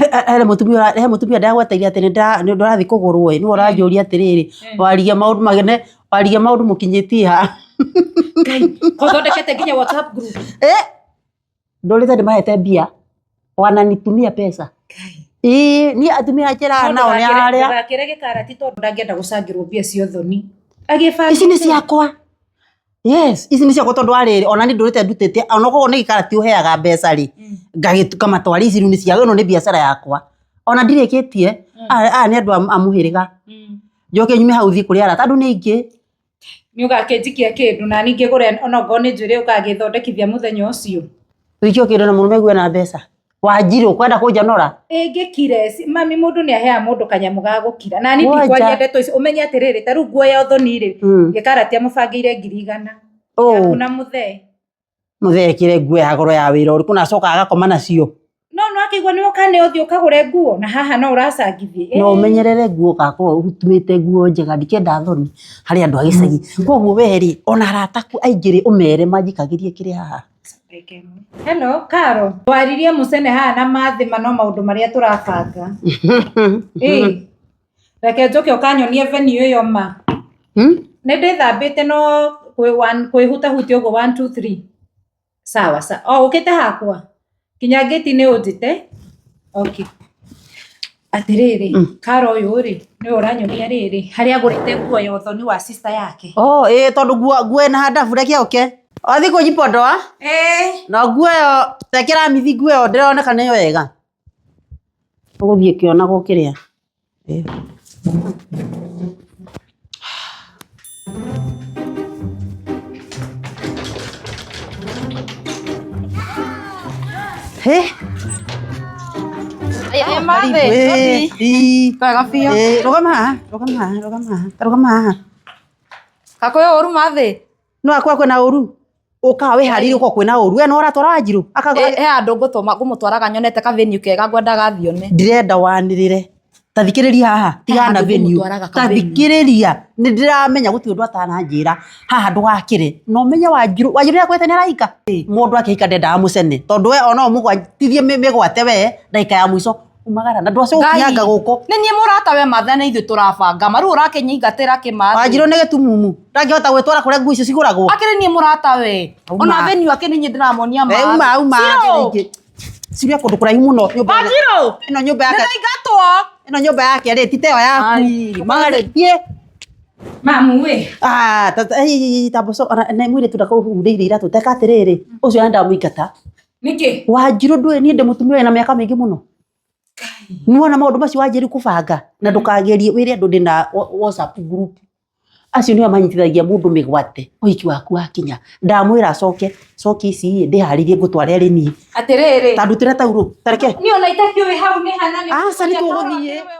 he tumia ndagweteire atä nä ndårathiä kå gå rwo nä we å ranjå ria hmm. atä rä hmm. rä waria maå ndå magene waria maå ndå må kinyä tie ha ndå rä te nä mahete mbia wananitumia pesa ii niä atumia anjä nao nä arä a ici nä ciakwa Yes, ici nä ciakwo gå tondå arä rä ona nä ndå rä te ndutä tie ona koguo nä gä kara ti å heaga mbeca rä mm. ngagä kamatwari ici nä cia no nä biacara yakwa ona ndirä kä tie mm. aya nä andå amå hä rä ga mm. njoke nyume hau thiä kå rä arata andå nä aingä nä å gakä njikia kä ndå na ningä gå re onongorwo nä njå rä å gagä thondekithia må thenya å cio wä kä o kä ndå na må rå meguo na mbeca wanjirå kwenda kå njonora ingä kire mami må ndå nä ahea må ndå kanyamå ga gå kira nani ndikwaria ici å menye atä rä rä tarä rä u nguoya å thoni rä hmm. gä karatia må bangä ire ngiri igana na må thee må thee kä re nguo ya goro ya wä ra å rä kå na acoka agakoma nacio no no akigwa ni ukane uthii ukagure nguo na haha no uracangithie no umenyerere nguo gakorwo utumite nguo njega ndikienda thoni hari andu agicagi gicagi mm. nguo we ri ona ku aingire umere majikagirie kire haha Hello, Karo. Twaririe mucene haha na mathima no maundu maria turabanga. Eh. Reke njoke ukanyonie venue iyo ma. Hmm? Nä ndä no te one kwä huta 1 2 3. sawa sawa Oh, å kä te kinya ngeti ni unjite okay atiriri mm. karo uyu ri ni uranyumia riri hari agurite nguo ya uthoni wa sister yake oh eh tondu nguo nguo na handa bure kia oke athi ko jipodoa eh na nguo yo tekira mithi nguo yo ndirona kana yo wega uguthie kiona gukiria eh kakwä å ru mathä no akwa kwena å ru å kaga wä harä irie gå korwo kwä na å ru e no å ratwara wanjirå he andå ngå må twaraga nyonete kathä niå kega ngwendaga thione rä re ta thikiriria haha tigana venue ta thikiriria ni ndiramenya guti undu atana njira haha ndugakire no menye wanjiru wanjiru yakwete ni araika mundu akihika ndendaga mucene tondu we ona mugwatithie migwate we ndaika ya mwico umagara na ndwacio ukinyanga guko ni nie murata we matha na ithu turabanga maru urakinyiingatira kimathi wanjiru ni gitumumu ndangihota gwitwara kuria nguo icio ciguragwo akiri nie murata we ona venue akini nyi ndiramonia ma uma uma Ciria kundu kuraihu muno nyumba no nyå mba yake. Nina igatwo. Ino nyumba yake ri titeo yaku. Magari thie. Mamu we. Ah, tata ei taboso ana ne mwire tudaka uhurire iratu teka atiriri. Mm. Ucio enda muikata. Niki? Wanjiru ndwe ni ndimutumia na miaka mingi muno. Nuona maundu macio wanjiru kubanga na ndukagerie wire andu ndina WhatsApp group acio nio amanyitithagia mundu migwate uhiki waku wakinya ndamwira acoke coke ici ndiharirie ngutware ri nii atiriri tandutire tauro tareke aca nituguthie